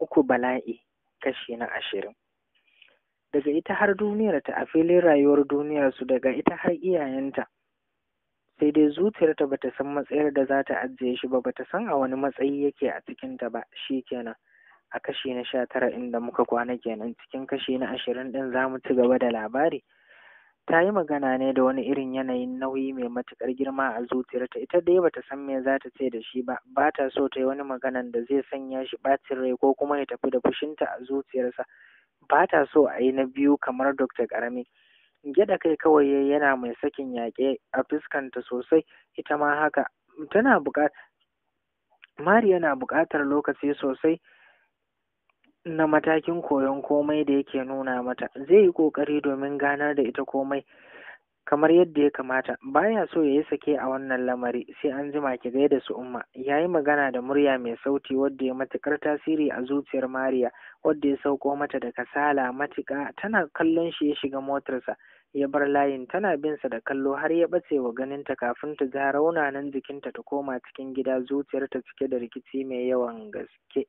uku bala'i kashi na ashirin daga ita har duniyarta a filin rayuwar su daga ita har iyayenta sai dai zuciyarta bata san matsayar da za ta ajiye shi ba bata san a wani matsayi yake a cikinta ba shi kenan a kashi na sha tara inda muka kwana kenan cikin kashi na ashirin ɗin za mu ci gaba da labari ta yi magana ne da wani irin yanayin nauyi mai matukar girma a zuciyarta ita dai bata san me za ta ce da shi ba ba ta so ta yi wani maganan da zai sanya shi bacin rai ko kuma ya tafi da fushinta a zuciyarsa ba ta so a yi na biyu kamar Dr. Karami. Gyaɗa kai kawai yana mai sakin yaƙe a fuskanta sosai ita ma haka tana buƙatar Mari yana buƙatar lokaci sosai na matakin koyon komai da yake nuna mata zai yi ƙoƙari domin ganar da ita komai kamar yadda ya kamata baya so ya yi sake a wannan lamari sai an jima ki gaida su umma ya yi magana da murya mai sauti wadda ya matukar tasiri a zuciyar mariya wadda ya sauko mata da kasala matuka tana kallon shi ya shiga motarsa ya bar layin tana bin sa da kallo har ya bace wa ganinta kafin ta ja raunanan jikinta ta koma cikin gida zuciyarta cike da rikici mai yawan gaske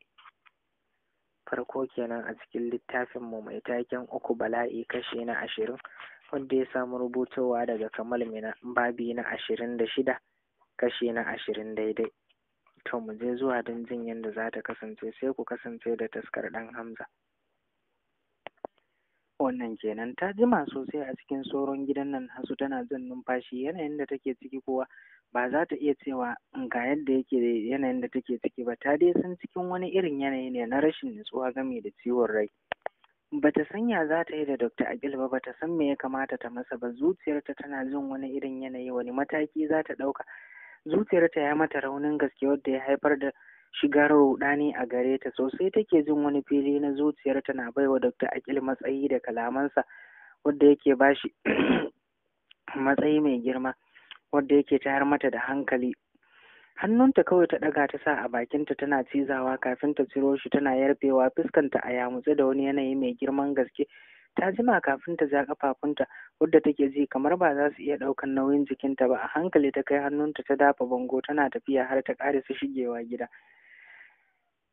farko kenan a cikin littafin mu mai taken uku bala'i kashi na ashirin wanda ya samu rubutowa daga kamal mina babi na ashirin da shida kashi na ashirin daidai to mu je zuwa don jin yadda za ta kasance sai ku kasance da taskar ɗan hamza wannan kenan ta jima sosai a cikin sauran gidan nan hasu tana jin numfashi yanayin da take ciki kowa ba za ta iya cewa mm, ga yadda yake yanayin da take ciki ba ta dai san cikin wani irin yanayi ne na rashin nutsuwa game da ciwon rai ba ta san ya za ta yi da dr agil ba ba ta san me ya kamata ta masa ba zuciyarta tana jin wani irin yanayi wani mataki za ta ɗauka zuciyarta ya mata raunin gaske wadda ya haifar da shigar rudani a gare ta sosai take jin wani fili na zuciyarta na baiwa dr akil matsayi da kalamansa wadda yake bashi matsayi mai girma wadda yake tayar mata da hankali hannunta kawai ta ɗaga ta sa a bakinta tana cizawa kafin ta ciro shi tana yarfewa fuskanta a yamutse da wani yanayi mai girman gaske ta jima kafin ta ja kafafunta wadda take ji kamar ba za su iya ɗaukan nauyin jikinta ba a hankali ta kai hannunta ta dafa bango tana tafiya har ta su shigewa gida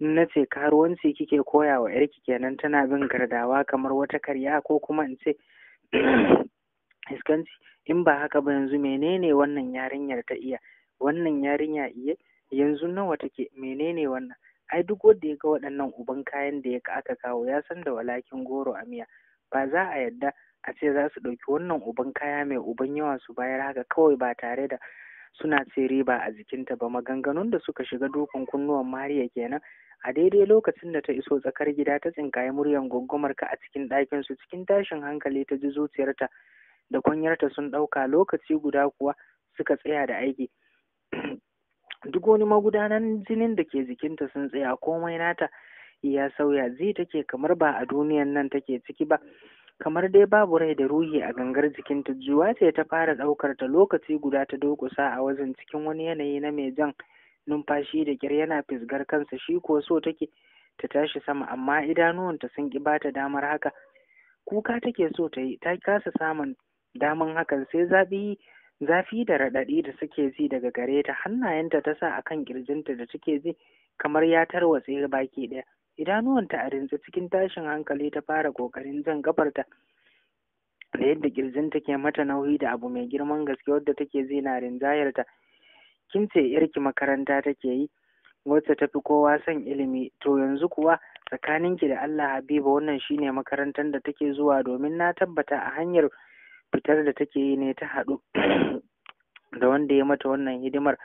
na ce karuwanci kike koya wa yarki kenan tana bin gardawa kamar wata karya ko kuma in ce iskanci in ba haka ba yanzu menene wannan yarinyar ta iya wannan yarinya iya yanzu nawa take menene wannan ai duk wanda ya ga waɗannan uban kayan da ya aka kawo ya san da walakin goro a miya ba za a yadda a ce za su ɗauki wannan uban kaya mai uban yawa su bayar haka kawai ba tare da suna ce riba a jikinta ba maganganun da suka shiga dukan kunnuwan mariya kenan a daidai lokacin da ta iso tsakar gida ta tsinkaye muryar gungumar ka a cikin ɗakin su cikin tashin hankali ta ji zuciyarta da kwanyarta sun ɗauka lokaci guda kuwa suka tsaya da aiki duk wani magudanan jinin da ke jikinta sun tsaya komai nata ya sauya zai take kamar ba a duniyan nan take ciki ba kamar dai babu rai da ruhi a gangar jikinta juwa ce ta fara ɗaukar ta lokaci guda ta dokusa a wajen cikin wani yanayi na mai jan numfashi da kyar yana fisgar kansa shi ko so take ta tashi sama amma idanuwanta sun ƙi bata damar haka kuka take so ta yi ta kasa samun daman hakan sai zafi zafi da raɗaɗi da suke ji daga gare ta hannayenta ta sa akan kirjinta da take ji kamar ya tarwatse baki ɗaya idanuwanta a rintse cikin tashin hankali ta fara ƙoƙarin jan ƙafarta da yadda kirjin take mata nauyi da abu mai girman gaske wadda take ji na rinjayarta kin ce yarki makaranta take yi wacce ta fi kowa son ilimi to yanzu kuwa tsakaninki da Allah Habiba wannan shine makarantar da take zuwa domin na tabbata a hanyar fitar da take yi ne ta haɗu da wanda ya mata wannan hidimar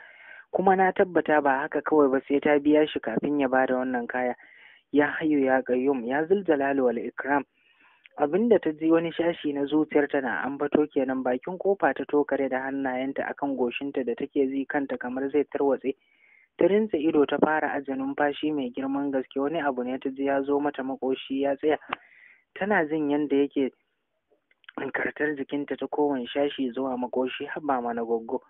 kuma na tabbata ba haka kawai ba sai ta biya shi kafin ya bada wannan kaya ya hayu ya gayyum. ya zuljalal wal ikram abinda ta ji wani shashi na zuciyarta na ambato kenan bakin kofa ta tokare da hannayenta akan goshinta da take zi kanta kamar zai tarwatse ta rinsa ido ta fara aje numfashi mai girman gaske wani abu ne ta ji ya zo mata makoshi ya tsaya tana jin yanda yake kartar jikinta ta kowane shashi zuwa makoshi haba mana goggo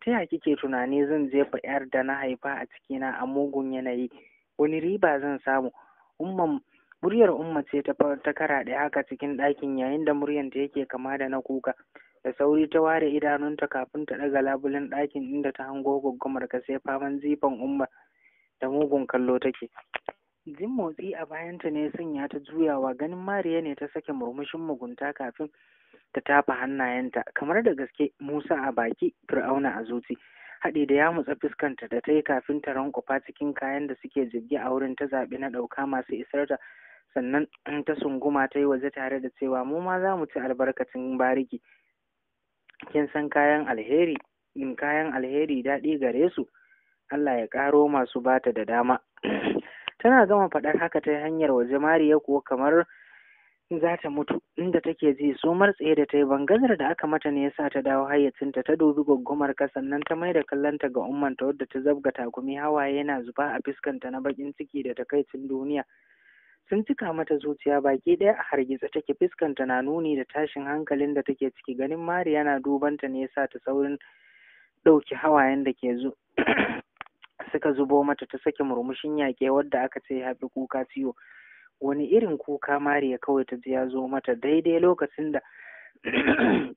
ta ya kike tunani zan jefa yar da na haifa a cikina a mugun yanayi wani riba zan samu umman muryar umma ce ta ta haka cikin ɗakin yayin da muryar ta yake kama da na kuka da sauri ta ware idanunta kafin ta ɗaga labulen ɗakin inda ta hango gwaggwamar ka sai faman zifan umma da mugun kallo take Jin motsi a bayanta ne ya sanya ta juyawa ganin Mariya ne ta sake murmushin mugunta kafin ta tafa hannayenta kamar da gaske Musa a baki Fir'auna a zuci. Haɗi da ya mutsa fuskanta da ta yi kafin ta rankufa cikin kayan da suke jirgi a wurin ta zaɓi na ɗauka masu isar ta sannan in ta sunguma ta yi waje tare da cewa mu ma za mu ci albarkacin bariki. Kin san kayan alheri, in kayan alheri daɗi gare su, Allah ya ƙaro masu bata da dama. tana gama faɗar haka ta hanyar waje mariya kuwa kamar za ta mutu inda take ji sumar tsaye da ta yi bangazar da aka mata ne yasa ta dawo hayyacinta ta dubi gwaggumar ka sannan ta mai da kallonta ga ummanta wadda ta zabga takumi hawaye yana zuba a fuskanta na bakin ciki da ta kai takaicin duniya sun cika mata zuciya baki ɗaya a hargitsa take fuskanta na nuni da tashin hankalin da take ciki ganin mariya na dubanta ne yasa ta saurin ɗauki hawayen da ke zo suka zubo mata ta sake murmushin yaƙe wadda aka ce ya fi kuka ciwo wani irin kuka mariya kawai ta ji ya zo mata daidai lokacin da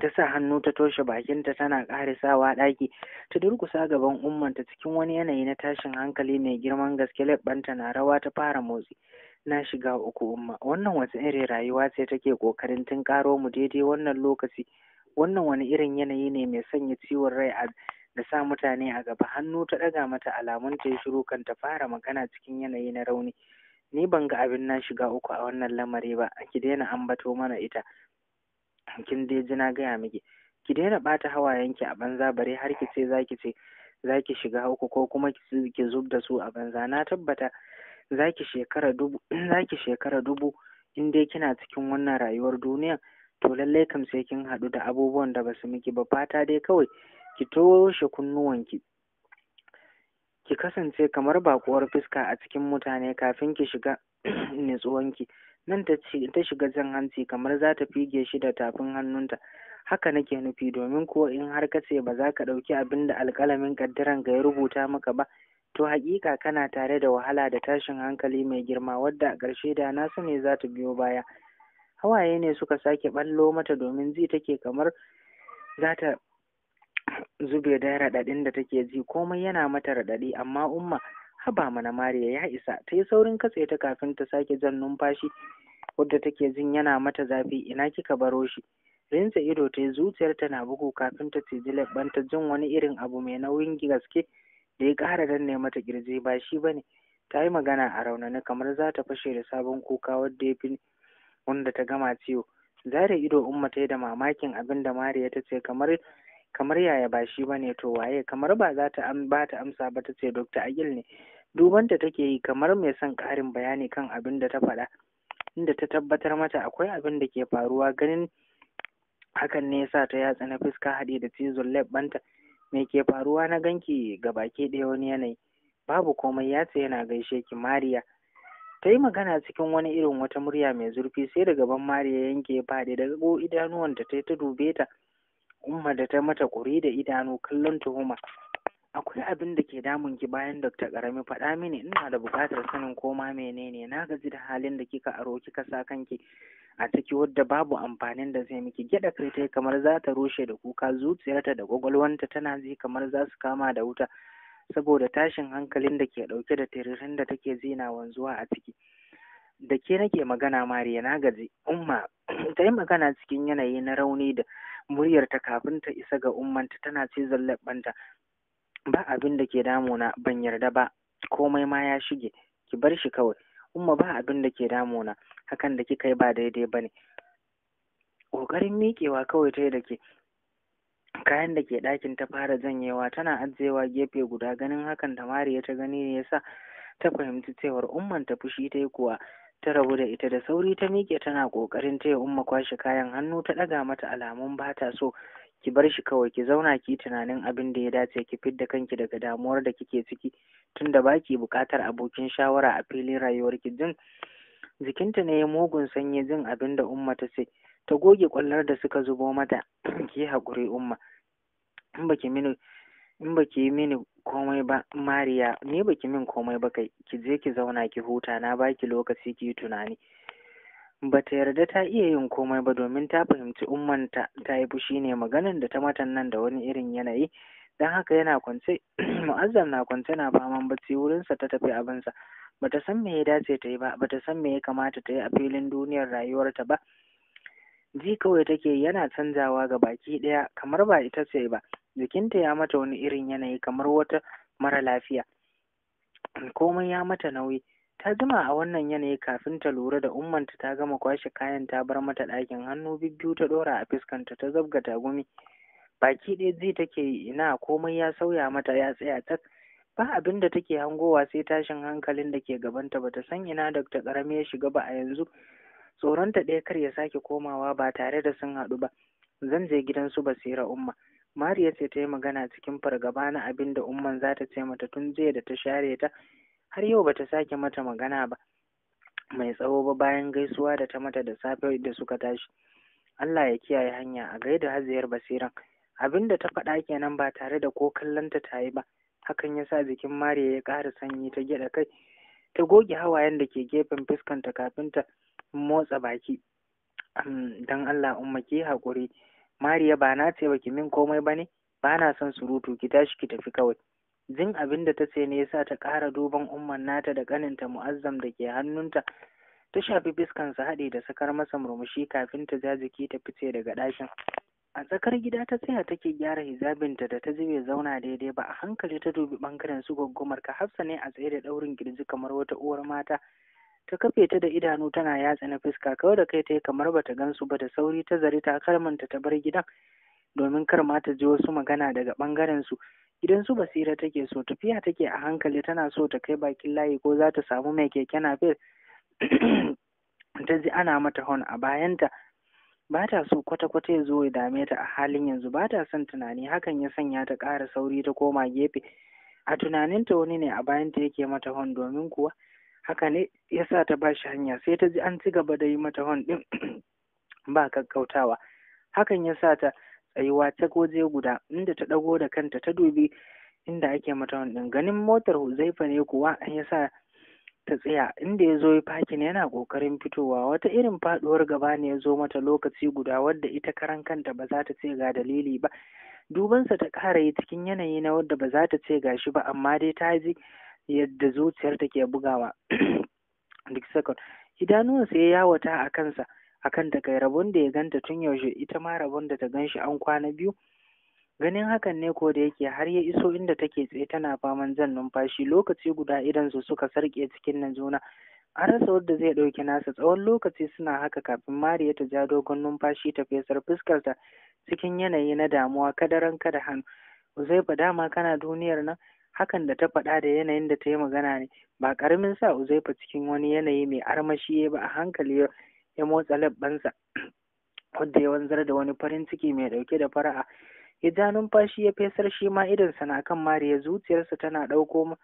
ta sa hannu ta toshe bakinta tana sawa ɗaki ta durkusa gaban ummanta cikin wani yanayi na tashin hankali mai girman gaske leɓɓanta na rawa ta fara motsi na shiga uku umma wannan wace irin rayuwa ce take ƙoƙarin tun ƙaro mu daidai wannan lokaci wannan wani irin yanayi ne mai sanya ciwon rai a da sa mutane a gaba hannu ta ɗaga mata alamun ta yi shiru kan ta fara magana cikin yanayi na rauni ni ban ga abin na shiga uku a wannan lamari ba ki daina ambato mana ita kin dai ji na gaya miki ki daina ɓata hawayenki a banza bare har ki ce za ce za shiga uku ko kuma ki zub da su a banza na tabbata zaki ki shekara dubu zaki shekara dubu in dai kina cikin wannan rayuwar duniya to lallai kam sai kin haɗu da abubuwan da basu miki ba fata dai kawai ki toshe kunnuwanki ki kasance kamar bakuwar fuska a cikin mutane kafin ki shiga nutsuwanki nan ta shiga jan hanci kamar za ta fige shi da tafin hannunta haka nake nufi domin ko in har ka ce ba za ka ɗauki abin da alƙalamin ƙaddaran ga ya rubuta maka ba to haƙiƙa kana tare da wahala da tashin hankali mai girma wadda a ƙarshe da nasu ne za ta biyo baya hawaye ne suka sake ɓallo mata domin ji take kamar za ta Zube da raɗaɗin da take ji komai yana mata raɗaɗi amma umma haba mana Mariya ya isa ta yi saurin katse ta kafin ta sake jan numfashi wadda take jin yana mata zafi ina kika baro shi rinsa ido ta yi zuciyar ta na bugu kafin ta ciji banta jin wani irin abu mai nauyin gaske da ya ƙara danne mata kirji ba shi bane ta yi magana a raunani, kamar za ta fashe da sabon kuka wadda ya fi wanda ta gama ciwo zare ido umma ta yi da mamakin abin da mariya ta ce kamar kamar yaya ba shi ba ne to waye kamar ba za ta ba ta amsa ba ta ce dokta agil ne dubanta take yi kamar mai son karin bayani kan abin da ta faɗa inda ta tabbatar mata akwai abin da ke faruwa ganin hakan ne yasa ta yatsa na fuska haɗe da cizon leɓɓanta me ke faruwa na ganki ga baki ɗaya wani yanayi babu komai ya ce yana gaishe ki mariya ta yi magana cikin wani irin wata murya mai zurfi sai da gaban mariya yanke ya faɗi daga go idanuwanta ta ta dube ta Umma da ta mata ƙuri da idanu kallon tuhuma. Akwai abin da ke damun ki bayan Dr. Karami faɗa mini ina da buƙatar sanin koma menene na gaji da halin da kika aro kika sa kanki a ciki wadda babu amfanin da zai miki gyaɗa kai ta kamar za ta rushe da kuka zuciyarta da ƙwaƙwalwanta tana ji kamar za su kama da wuta saboda tashin hankalin da ke ɗauke da tiririn da take zina wanzuwa a ciki. Da ke nake magana Mariya na gaji, Umma ta yi magana cikin yanayi na rauni da muryarta kafin ta isa ga ummanta tana cizon zallabanta ba abin da ke damuna ban yarda ba komai ma ya shige ki bar shi kawai umma ba abin da ke damuna hakan da kika yi ba daidai ba ne ƙoƙarin miƙewa kawai ta da ke kayan da ke ɗakin ta fara janyewa tana ajiyewa gefe guda ganin hakan da ya ta gani ne yasa ta fahimci cewar umman ta fushi ta yi kuwa ta rabu da ita da sauri ta miƙe tana ƙoƙarin taya umma kwashe kayan hannu ta ɗaga mata alamun ba ta so ki bar shi kawai ki zauna ki tunanin abin da ya dace ki fidda kanki daga damuwar da kike ciki tunda baki buƙatar abokin shawara a filin rayuwarki jin jikinta ne ya mugun sanyi jin abin da umma ta ce ta goge kwallar da suka zubo mata ki haƙuri umma in baki mini in baki yi mini komai ba Mariya ni baki min komai ba kai ki je ki zauna ki huta na baki lokaci ki yi tunani bata yarda ta iya yin komai ba domin ta fahimci ummanta ta yi fushi ne maganan da ta matan nan da wani irin yanayi don haka yana kwance mu'azzam na kwance na faman bacci wurinsa ta tafi abinsa bata san me ya dace ta yi ba bata san me ya kamata ta yi a filin duniyar rayuwarta ba ji kawai take yana canzawa ga baki ɗaya kamar ba ita ce ba jikinta ya mata wani irin yanayi kamar wata mara lafiya komai ya mata nauyi ta zima a wannan yanayi kafin ta lura da ummanta ta gama kwashe kayan ta bar mata ɗakin hannu bibbiyu ta ɗora a fuskanta ta zabga tagumi baki ɗaya zai take ina komai ya sauya mata ya tsaya tak ba abin da take hangowa sai tashin hankalin da ke gabanta bata san ina Dr. Karami ya shiga ba a yanzu tsoronta ɗaya kar ya sake komawa ba tare da sun haɗu ba zan je gidan su basira umma Mariya ce ta yi magana cikin fargaba na abin da umman za ta ce mata tun jiya da ta share ta har yau ba ta sake mata magana ba mai tsawo ba bayan gaisuwa da ta mata da safe da suka tashi Allah ya kiyaye hanya a gaida haziyar basiran abin da ta faɗa kenan ba tare da ko kallonta ta yi ba hakan ya sa jikin Mariya ya ƙara sanyi ta gyaɗa kai ta goge hawayen da ke gefen fuskanta kafin ta motsa baki don Allah umma ki haƙuri mariya ba na ce baki min komai ba ne ba na son surutu ki tashi ki tafi kawai jin abin da ta ce ne ya sa ta ƙara duban umman nata da ƙaninta mu'azzam da ke hannunta ta shafi fiskansa haɗe da sakar masa murmushi kafin ta ja jiki ta fice daga ɗakin a tsakar gida ta tsaya take gyara hijabinta da ta ji bai zauna daidai ba a hankali ta dubi ɓangaren su gwaggumar ka hafsa ne a tsaye da ɗaurin kirji kamar wata uwar mata ta kafe ta da idanu tana yatsa na fuska kawai da kai ta yi kamar bata gansu ba da sauri ta zari ta kalmanta ta bar gidan domin kar ma ta ji wasu magana daga bangaren su gidan su basira take so tafiya take a hankali tana so ta kai bakin layi ko za ta samu mai keke fes? ta ji ana mata hon a bayanta ba ta so kwata-kwata ya zo ya dame ta a halin yanzu ba ta son tunani hakan ya sanya ta ƙara sauri ta koma gefe a tunaninta wani ne a bayanta yake mata hon domin kuwa haka ne ya sa ta ba shi hanya sai ta ji an ci gaba da yi mata hon ɗin ba kakkautawa hakan ya sa ta tsayuwa ta goje guda inda ta ɗago da kanta ta dubi inda ake mata hon ɗin ganin motar huzaifa ne kuwa an ya sa ta tsaya inda ya zo ya fakin yana ƙoƙarin fitowa wata irin faɗuwar gaba ne ya zo mata lokaci guda wadda ita karan kanta ba za ta ce ga dalili ba dubansa ta ƙara yi cikin yanayi na wadda ba za ta ce ga shi ba amma dai ta ji yadda zuciyar ke bugawa duk sakon ya yawata a kansa akan da kai rabon da ya ganta tun yaushe ita ma rabon da ta gan shi an kwana biyu ganin hakan ne ko da yake har ya iso inda take tsaye tana faman zan numfashi lokaci guda idan su suka sarke cikin na juna an rasa wadda zai ɗauki nasa tsawon lokaci suna haka kafin mariya ta ja dogon numfashi ta fesar fuskarta cikin yanayi na damuwa kadaran kada hannu zai fa dama kana duniyar nan hakan da ta faɗa da yanayin da ta yi magana ne ba ƙaramin sa uzaifa cikin wani yanayi mai armashi ba a hankali ya motsa labbansa wanda ya wanzar da wani farin ciki mai ɗauke da fara'a ya ja numfashi ya fesar shi ma sa na kan mariya zuciyarsa tana ɗauko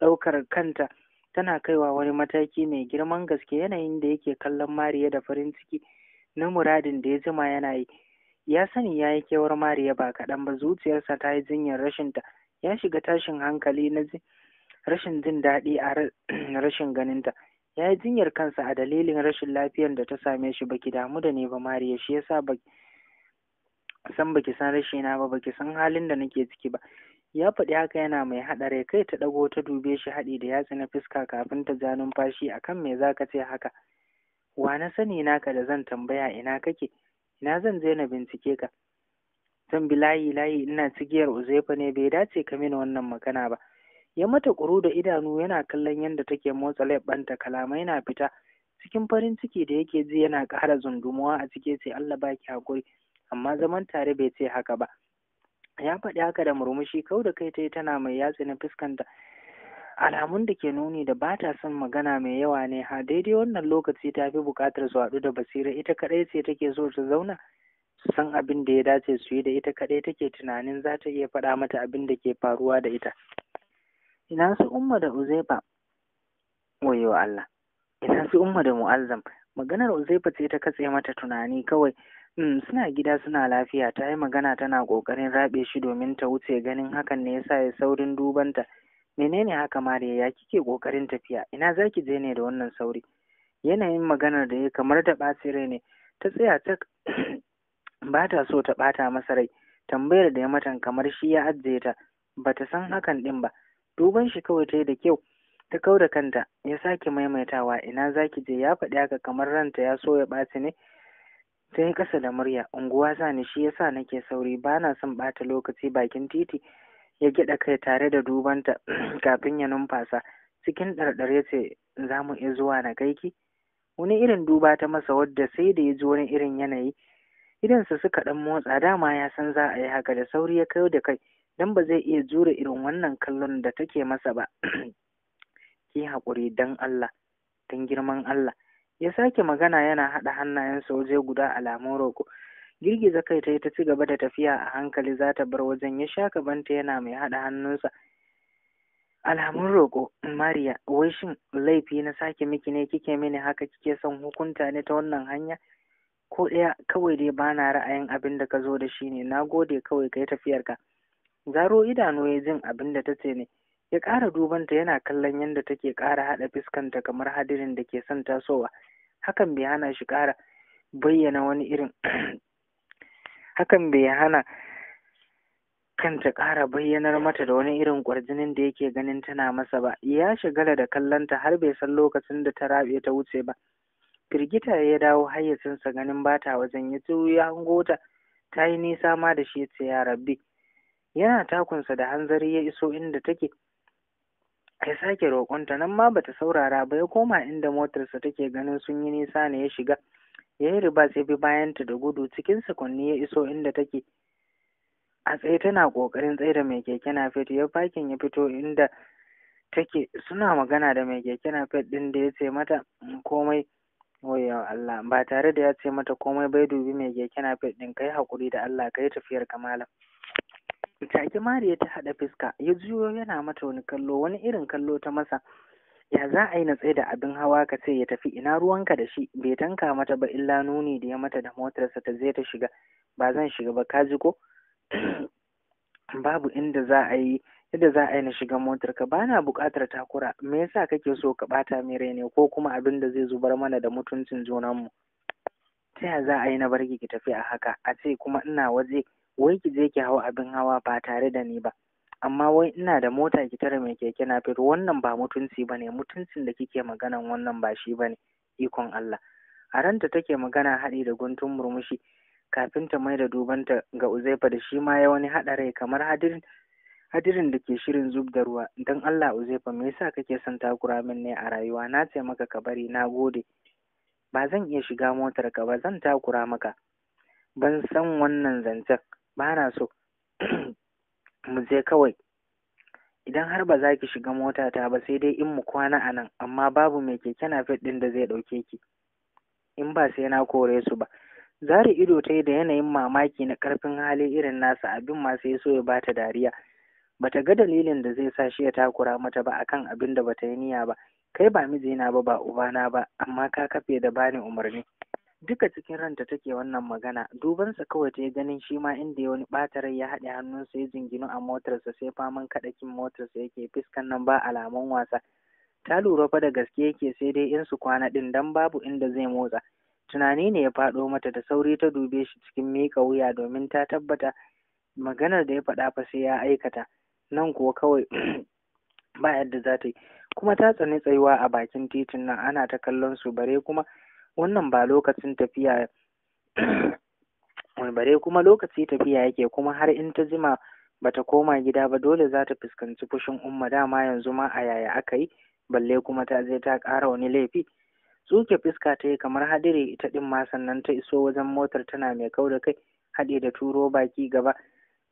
ɗaukar kanta tana kaiwa wani mataki mai girman gaske yanayin da yake kallon mariya da farin ciki na muradin da ya jima yana yi ya sani ya yi kewar mariya ba kaɗan ba zuciyarsa ta yi jinyar rashinta ya shiga tashin hankali na rashin jin daɗi a rashin ganinta ya yi jinyar kansa a dalilin rashin lafiyar da ta same shi baki damu da ne ba mariya shi yasa ba san baki san rashi na ba baki san halin da nake ciki ba ya faɗi haka yana mai haɗare kai ta ɗago ta dube shi haɗi da yatsi na fuska kafin ta ja numfashi akan me za ka ce haka wa na sani naka da zan tambaya ina kake ina zan je na bincike ka zan bi layi layi ina cigiyar Uzefa ne bai dace ka mini wannan magana ba ya mata kuru da idanu yana kallon yadda take motsa leɓɓanta kalamai na fita cikin farin ciki da yake ji yana ƙara zundumuwa a cike ce Allah baki hakuri amma zaman tare bai ce haka ba ya faɗi haka da murmushi kau da kai ta tana mai yatsi na fuskanta alamun da ke nuni da bata son magana mai yawa ne ha daidai wannan lokaci ta fi buƙatar su haɗu da basira ita kaɗai ce take so ta zauna san abin da ya dace su yi da ita kaɗai take tunanin za ta iya faɗa mata abin da ke faruwa da ita ina su umma da uzaifa wayo Allah ina su umma da mu'azzam maganar uzaifa ce ta katse mata tunani kawai hmm, suna gida suna lafiya ta yi magana tana ƙoƙarin raɓe shi domin ta wuce ganin hakan ne yasa ya saurin dubanta menene haka mariya ya kike ƙoƙarin tafiya ina za ki je ne da wannan sauri yanayin maganar da ya kamar da ɓaci ne ta tsaya ta ba ta so ta ɓata masa rai tambayar da ya matan kamar shi ya ajiye ta ba ta san hakan ɗin ba duban shi kawai ta yi da kyau ta kau da kanta ya sake maimaitawa ina zaki je ya faɗi haka kamar ranta ya so ya ɓaci ne ta yi ƙasa da murya unguwa sa ni shi yasa nake sauri ba na son ɓata lokaci bakin titi ya gyaɗa kai tare da dubanta kafin ya numfasa cikin ɗarɗar ya ce za mu iya zuwa na kai ki. wani irin duba ta masa wadda sai da ya ji wani irin yanayi idansa suka ɗan motsa dama ya san za a yi haka da sauri ya kayo da kai dan ba zai iya jure irin wannan kallon da take masa ba ki haƙuri dan Allah dan girman Allah ya sake magana yana haɗa hannayensa waje guda alamun roƙo girgiza kai ta yi ta ci gaba da tafiya a hankali za ta bar wajen ya sha kabanta yana mai haɗa hannunsa alamun roƙo mariya wai shin laifi na sake miki ne kike mini haka kike son hukunta ne ta wannan hanya ko ɗaya kawai dai bana ra'ayin abin da ka zo da shi ne na gode kawai kai tafiyarka zaro idanu ya jin abin da ta ce ne ya ƙara dubanta yana kallon yadda take ƙara haɗa fuskanta kamar hadirin da ke son tasowa hakan bai hana shi ƙara bayyana wani irin hakan bai hana kanta ƙara bayyanar mata da wani irin ƙwarjinin da yake ganin tana masa ba ya shigala da kallonta har bai san lokacin da ta rabe ta wuce ba firgita ya dawo hayyacinsa ganin bata wajen ya tsiro ya hango ta ta yi nisa ma da shi ya ce ya rabbi yana takunsa da hanzari ya iso inda take ya sake roƙonta nan ma bata saurara ba ya koma inda motarsa take ganin sun yi nisa ne ya shiga ya yi riba sai bi bayanta da gudu cikin sakonni ya iso inda take a tsaye tana ƙoƙarin tsaye da mai keke nafet ya fakin ya fito inda take suna magana da mai keke nafet ɗin da ya ce mata komai wayyo Allah ba tare da ya ce mata komai bai dubi mai keke napep ɗin kai hakuri da Allah kai tafiyar ka malam take ya ta haɗa fuska ya juyo yana mata wani kallo wani irin kallo ta masa ya za a yi na tsaye da abin hawa ka ce ya tafi ina ruwanka da shi bai tanka mata ba illa nuni da ya mata da motarsa ta zai ta shiga ba zan shiga ba ka ji ko babu inda za a yi yadda za a yi na shiga motar ka bana buƙatar takura me yasa kake so ka ɓata mai rai ne ko kuma abin da zai zubar mana da mutuncin junanmu ta ya za a yi na barki ki tafi a haka a ce kuma ina waje wai ki je ki hau abin hawa ba tare da ni ba amma wai ina da mota ki tare mai keke na fito wannan ba mutunci bane mutuncin da kike maganan wannan ba shi bane ikon Allah a take magana haɗi da guntun murmushi kafin ta mai da dubanta ga Uzaifa da shi ma ya wani haɗa rai kamar hadirin hadirin da ke shirin zub da ruwa don Allah Uzaifa me yasa kake son takura min ne a rayuwa na ce maka ka bari na gode ba zan iya shiga motar ka ba zan takura maka ban san wannan zancen ba na so mu je kawai idan har ba za ki shiga mota ta ba sai dai in mu kwana a nan amma babu mai keke fit din da zai ɗauke ki in ba sai na kore su ba zari ido ta yi da yanayin mamaki na ƙarfin hali irin nasa abin ma sai so ya bata dariya bata ga dalilin da zai sa shi ya takura mata ba akan abin da bata yi niyya ba kai ba mijina ba ba uba na ba amma ka kafe da bani umarni duka cikin ranta take wannan magana dubansa kawai ta ganin shi ma inda ya wani ɓata rai ya haɗe hannunsa ya jinginu a motarsa sai faman kaɗakin motarsa yake fiskan nan ba alamun wasa ta lura fa da gaske yake sai dai in su kwana ɗin dan babu inda zai motsa tunani ne ya faɗo mata da sauri ta dube shi cikin miƙa wuya domin ta tabbata maganar da ya faɗa fa sai ya aikata nan kuwa kawai ba yadda za ta yi kuma ta tsani tsayuwa a bakin titin nan ana ta kallon su bare kuma wannan ba lokacin tafiya bare kuma lokaci tafiya yake kuma har in ta jima bata koma gida ba dole za ta fuskanci fushin umma dama yanzu ma a yaya aka yi balle kuma ta je ta ƙara wani laifi tsuke fuska ta yi kamar hadiri ita ɗin ma sannan ta iso wajen motar tana mai kau da kai haɗe da turo baki gaba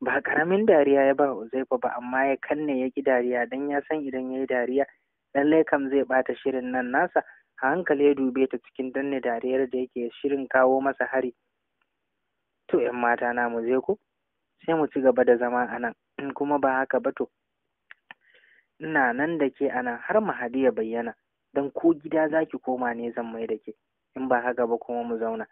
ba karamin dariya ya ba Uzaifa ba amma ya kanne ya ki dariya dan ya san idan ya yi dariya lallai kam zai bata shirin nan nasa a hankali ya dube ta cikin danne dariyar da yake shirin kawo masa hari to yan mata na mu je ko sai mu ci gaba da zama a nan in kuma ba haka ba to ina nan da ke a nan har mahadi ya bayyana dan ko gida zaki koma ne zan mai da ke in ba haka ba kuma mu zauna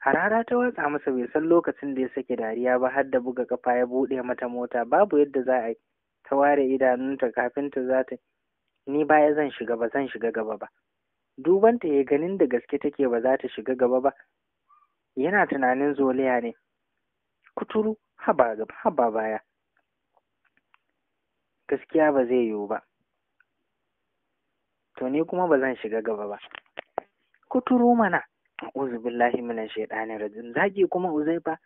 harara ta watsa masa bai san lokacin da ya sake dariya ba har da buga kafa ya buɗe mata mota babu yadda za a ta ware idanunta kafin ta za ta ni baya zan shiga ba zan shiga gaba ba duban ya ganin da gaske take ba za ta shiga gaba ba yana tunanin zoliya ne kuturu haba gaba haba baya gaskiya ba zai yiwu ba to ni kuma ba zan shiga gaba ba kuturu mana uzu billahi minan shaitani rajim zagi kuma uzaifa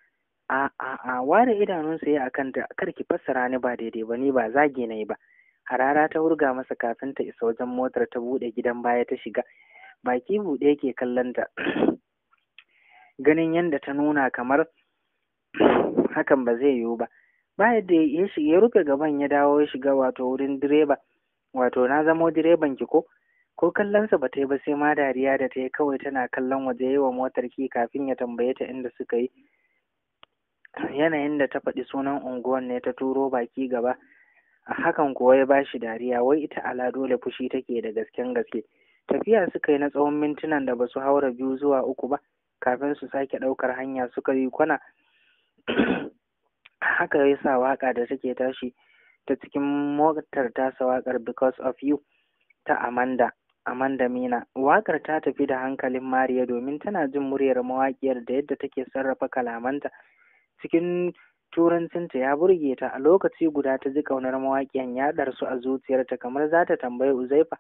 a a a ware idanunsa ya akan da kar ki fassara ni ba daidai ba ni ba zagi na ba harara ta wurga masa kafin ta isa wajen motar ta buɗe gidan baya ta shiga baki buɗe yake kallon ta ganin yadda ta nuna kamar hakan ba zai yiwu ba Ba da ya shiga ya rufe gaban ya dawo ya shiga wato wurin direba wato na zamo direban ki ko ko kallonsa ba ta yi ba sai ma dariya da ta yi kawai tana kallon waje yi wa motar ki kafin ya tambaye ta inda suka yi yanayin da ta faɗi sunan unguwan ne ta turo baki gaba a hakan kuwa ya ba shi dariya wai ita ala dole fushi take da gasken gaske tafiya suka yi na tsawon mintunan da ba su haura biyu zuwa uku ba kafin su sake ɗaukar hanya suka yi kwana haka ya sa waƙa da take tashi ta cikin motar tasa waƙar because of you ta amanda Amanda Mina. Waƙar ta tafi da hankalin Mariya domin tana jin muryar mawaƙiyar da yadda take sarrafa kalamanta cikin turancinta ya burge ta a lokaci guda ta ji ƙaunar mawaƙiyan ya ɗarsu a zuciyarta kamar za ta tambayi Uzaifa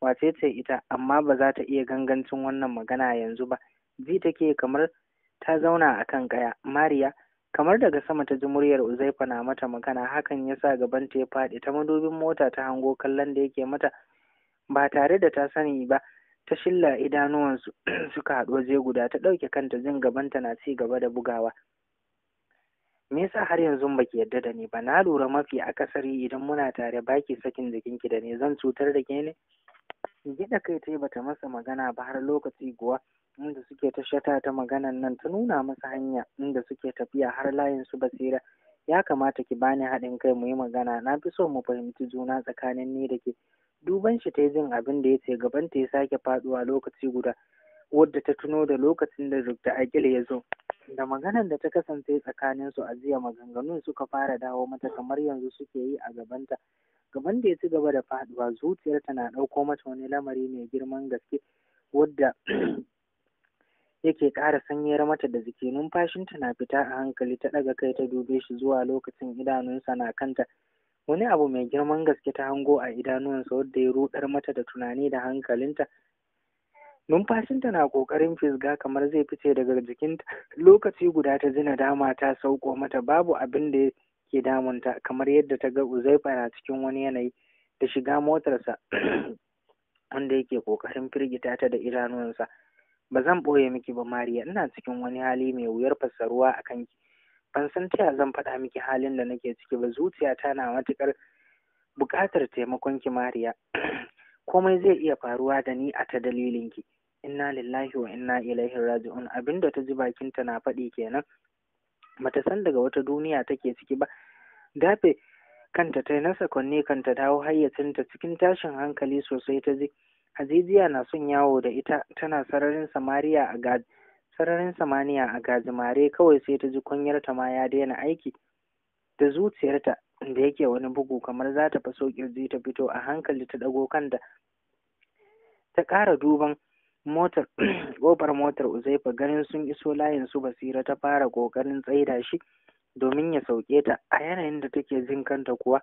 wace ce ita amma ba za ta iya gangancin wannan magana yanzu ba ji take kamar ta zauna a kan ƙaya Mariya kamar daga sama ta ji muryar Uzaifa na mata magana hakan ya sa gabanta ya faɗi ta madubin mota ta hango kallon da yake mata ba tare da ta sani ba ta shilla idanuwansu suka haɗu waje guda ta ɗauke kanta jin gabanta na ci gaba da bugawa me yasa har yanzu ba ki yarda da ni ba na lura mafi akasari idan muna tare baki sakin jikin ki da ni zan cutar da ke ne gida kai tai bata masa magana ba har lokaci guwa inda suke ta shata ta maganan nan ta nuna masa hanya inda suke tafiya har layin su basira ya kamata ki bani haɗin kai mu yi magana na fi so mu fahimci juna tsakanin ni da ke duban shi ta jin abin da ya ce gaban ta ya sake faduwa lokaci guda wadda ta tuno da lokacin da Dr. Akil ya zo da maganar da ta kasance tsakanin su a jiya maganganun suka fara dawo mata kamar yanzu suke yi a gabanta gaban da ya ci gaba da faduwa zuciyarta na ɗauko mata wani lamari mai girman gaske wadda yake ƙara sanyar mata da jiki numfashinta na fita a hankali ta ɗaga kai ta dube shi zuwa lokacin idanunsa na kanta wani abu mai girman gaske ta hango a idanuwansa wadda ya rudar mata da tunani da hankalinta numfashinta na ƙoƙarin fisga kamar zai fice daga jikinta lokaci guda ta ji dama ta sauko mata babu abin da ke damunta kamar yadda ta ga uzaifa na cikin wani yanayi da shiga motarsa wanda yake ƙoƙarin firgita ta da idanuwansa ba zan ɓoye miki ba mariya ina cikin wani hali mai wuyar fassaruwa a kanki ban san ta zan faɗa miki halin da nake ciki ba zuciyata na matuƙar buƙatar taimakon ki mariya komai zai iya faruwa da ni a ta dalilin ki inna lillahi wa inna ilaihi raji'un abinda ta ji bakin ta na faɗi kenan bata san daga wata duniya take ciki ba dafe kanta tai na sakonni kanta dawo hayyacinta cikin tashin hankali sosai ta ji aziziya na son yawo da ita tana sararin samariya a sararin samaniya a gajimare kawai sai ta ji ta ma ya daina aiki da zuciyarta da yake wani bugu kamar za ta faso kirji ta fito a hankali ta ɗago kanta ta ƙara duban motar ƙofar motar uzaifa ganin sun iso layin su basira ta fara ƙoƙarin tsaida shi domin ya sauƙe ta a yanayin da take jin kanta kuwa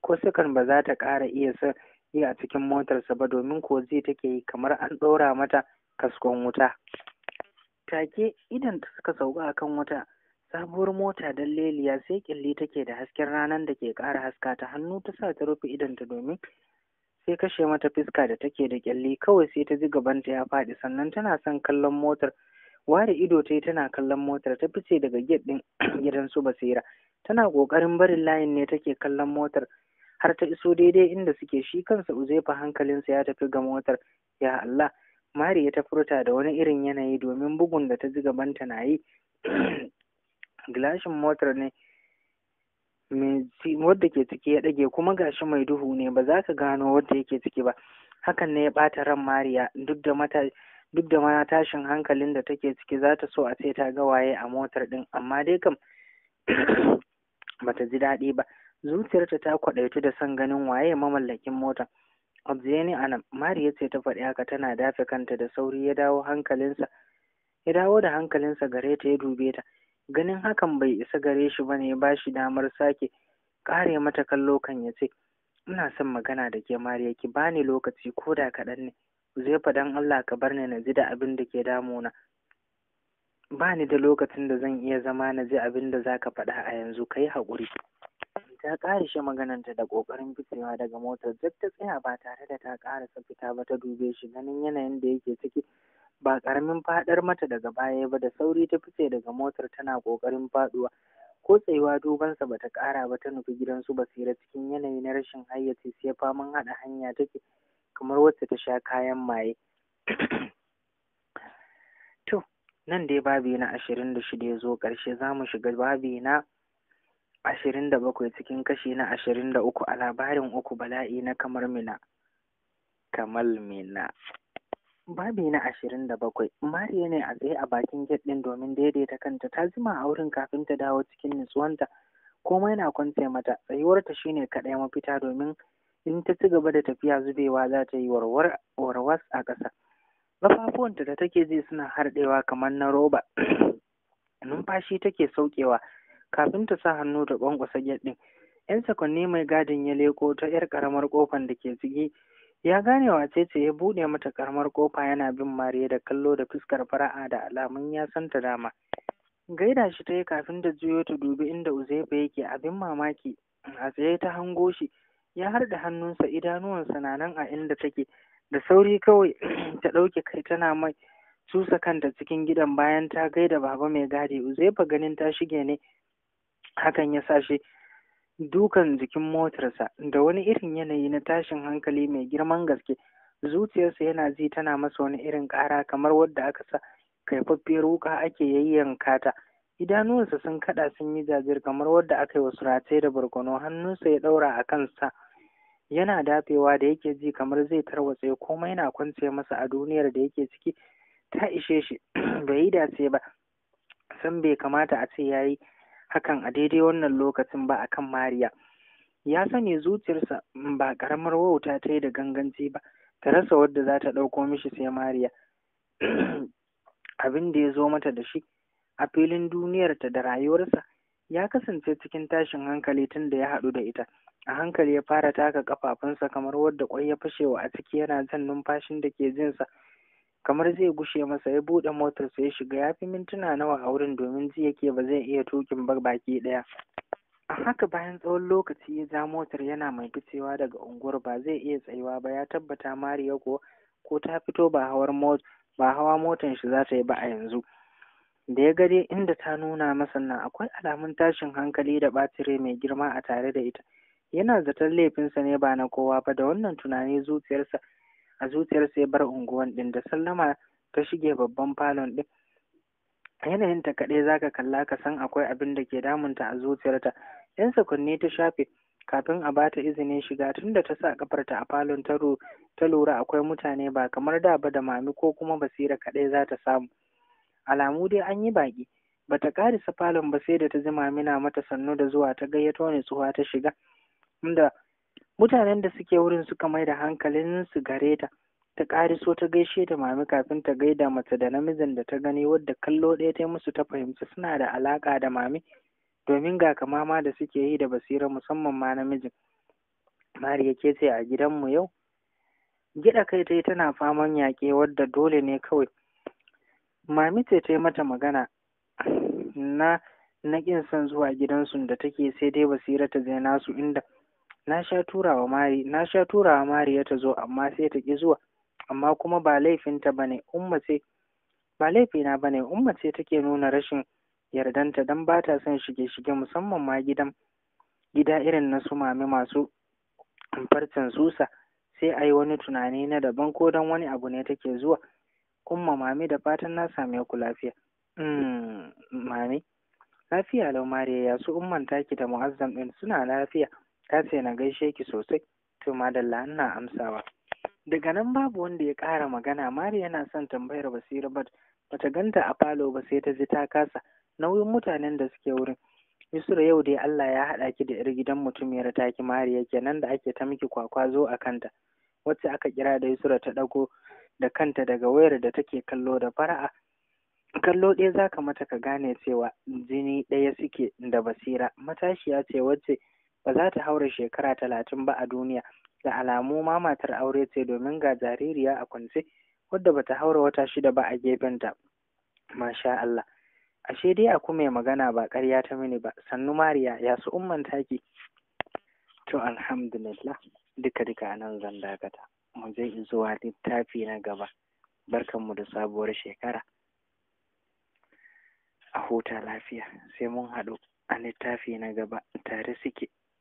ko sukan ba za ta ƙara iya sa yi a cikin motarsa ba domin ko zai take yi kamar an ɗora mata kaskon wuta take idan ta suka sauka kan wata sabuwar mota don leliya sai kyalli take da hasken ranar da ke ƙara haska ta hannu ta sa ta rufe idanta domin sai kashe mata fuska da take da kyalli kawai sai ta ji gabanta ya faɗi sannan tana son kallon motar ware ido ta yi tana kallon motar ta fice daga gate ɗin gidan su basira tana ƙoƙarin barin layin ne take kallon motar har ta iso daidai inda suke shi kansa uzefa hankalinsa ya tafi ga motar ya Allah Mariya ta furta da wani irin yanayi domin bugun da ta ji gabanta na yi gilashin motar ne wadda ke ciki ya ɗage kuma gashi mai duhu ne ba za ka gano wadda yake ciki ba hakan ne ya ɓata ran mariya duk da mata tashin hankalin da take ciki za ta so a ce ta ga waye a motar ɗin amma dai kam bata ji daɗi ba zuciyarta ta kwaɗaitu da son ganin waye mamallakin motar Objeni Anam, Mariya ce ta faɗi haka tana dafe kanta da sauri ya dawo hankalinsa. Ya dawo da hankalinsa gare ta ya dube ta. Ganin hakan bai isa gare shi ba ne, ya bashi damar sake kare mata kallo kan ya ce, Ina son magana da ke Mariya ki bani lokaci ko da kaɗan ne. Zai faɗan Allah ka bar ni na ji da abin da ke damuna. Ba ni da lokacin da zan iya zama na ji abin da za ka faɗa a yanzu, ka yi haƙuri. ta shi magananta da ƙoƙarin fitsewa daga motar duk ta tsaya ba tare da ta ƙarasa fita ba ta dube shi ganin yanayin da yake ciki ba ƙaramin faɗar mata daga baya ba da sauri ta fice daga motar tana ƙoƙarin faɗuwa ko tsayuwa dubansa bata ƙara ba ta nufi gidan su basira cikin yanayi na rashin hayyaci sai faman haɗa hanya take kamar wacce ta sha kayan maye to nan dai babi na ashirin da shida ya zo ƙarshe za mu shiga babi na ashirin da bakwai cikin kashi na ashirin da uku a labarin uku bala'i na kamar mina kamal mina babi na ashirin da bakwai mariya ne a tsaye a bakin gate ɗin domin daidaita kanta ta zima a wurin kafin ta dawo cikin nutsuwanta komai na kwance mata tsayuwarta shine kaɗai mafita domin in ta ci gaba da tafiya zubewa za ta yi warwas a ƙasa ƙafafuwanta da take ji suna harɗewa kamar na roba numfashi take saukewa kafin ta sa hannu da ƙwanƙwasa gate ‘Yan sakonni mai gadin ya leko ta ‘yar ƙaramar ƙofar da ke ciki ya gane wace ce ya buɗe mata ƙaramar ƙofa yana bin Mariya da kallo da fuskar fara'a da alamun ya san ta dama. Gaida shi ta yi kafin ta juyo ta dubi inda Uzefa yake abin mamaki a tsaye ta hango shi ya harda hannunsa idanuwansa na nan a inda take da sauri kawai ta ɗauke kai tana mai susa kanta cikin gidan bayan ta gaida baba mai gadi Uzefa ganin ta shige ne hakan ya sa shi dukan jikin motarsa da wani irin yanayi na tashin hankali mai girman gaske zuciyarsa yana ji tana masa wani irin ƙara kamar wadda aka sa kaifaffiyar wuka ake yayyanka ta idanuwansa sun kaɗa sun yi jajir kamar wadda aka yi wa surace da barkono hannunsa ya ɗaura a kansa yana dafewa da yake ji kamar zai tarwatse komai yana kwance masa a duniyar da yake ciki ta ishe shi bai yi dace ba san bai kamata a ce yayi yi hakan a daidai wannan lokacin ba a kan mariya ya sani zuciyarsa ba ƙaramar wauta ta yi da ganganci ba ta rasa wadda za ta ɗauko mishi sai mariya abin da ya zo mata da shi a filin duniyarta da rayuwarsa ya kasance cikin tashin hankali tun da ya haɗu da ita a hankali ya fara taka ƙafafunsa kamar wadda kwai ya fashewa a ciki yana jan numfashin da ke jinsa kamar zai gushe masa ya buɗe motar sai ya shiga yafi mintuna nawa a wurin domin ji yake ba zai iya tukin ba baki ɗaya a haka bayan tsawon lokaci ya ja motar yana mai ficewa daga unguwar ba zai iya tsayuwa ba ya tabbata mariya ko ko ta fito ba hawar ba hawa motar shi za ta yi ba a yanzu da ya gare inda ta nuna masa nan akwai alamun tashin hankali da batire mai girma a tare da ita yana zaton laifinsa ne ba na kowa ba da wannan tunani zuciyarsa a zuciyar sai bar unguwan din da sallama ta shige babban falon din yanayin ta kaɗai zaka kalla ka san akwai abin da ke damunta a zuciyarta yan sakwanni ta shafe kafin a bata izinin shiga tunda ta sa kafarta a falon ta ta lura akwai mutane ba kamar da ba da mami ko kuma basira kaɗai za ta samu alamu dai an yi baƙi bata karisa falon ba sai da ta zima mamina mata sannu da zuwa ta gayyato ni tsuwa ta shiga inda mutanen da suke wurin suka mai da hankalin su gare ta ta ƙariso ta gaishe da mami kafin ta gaida mace da namijin da ta gani wadda kallo ɗaya ta musu ta fahimci suna da alaƙa da mami domin ga kamama da suke yi da basira musamman ma namijin mariya ke ce a gidanmu yau gida kai ta tana faman yaƙe wadda dole ne kawai mami ce ta yi mata magana na na ƙin son zuwa gidansu da take sai dai basira ta je nasu inda na sha turawa mari na sha turawa mariya ta zo amma sai ta ki zuwa amma kuma ba laifinta bane umma ce ba laifina bane umma ce take nuna rashin yardanta dan ba ta son shige shige musamman ma gidan gida irin na su mami masu farcen susa sai a yi wani tunani na daban ko dan wani abu ne take zuwa umma mami da fatan na same ku lafiya hmm, mami lafiya lau mariya ya su umman taki da mu'azzam din suna lafiya ta na gaishe ki sosai to madalla ina amsawa daga nan babu wanda ya ƙara magana mari yana son tambayar basira bat bata ganta a falo ba sai ta ji ta kasa nauyin mutanen da suke wurin Yusra yau dai Allah ya haɗa ki da 'yar gidan mutumiyar taki Mariya kenan da ake ta miki kwakwa zo a kanta wacce aka kira da Yusra ta ɗago da kanta daga wayar da take kallo da fara'a kallo ɗaya zaka mata ka gane cewa jini ɗaya suke da basira matashiya ce wacce ba za ta haura shekara talatin ba a duniya da alamu ma matar aure ce domin ga jaririya a kwance wadda ba ta haura wata shida ba a gefenta masha Allah ashe dai a mai magana ba ƙarya ta mini ba sannu mariya ya su umman taki to alhamdulillah duka duka nan zan dakata mu je zuwa littafi na gaba mu da sabuwar shekara a huta lafiya sai mun haɗu a littafi na gaba tare suke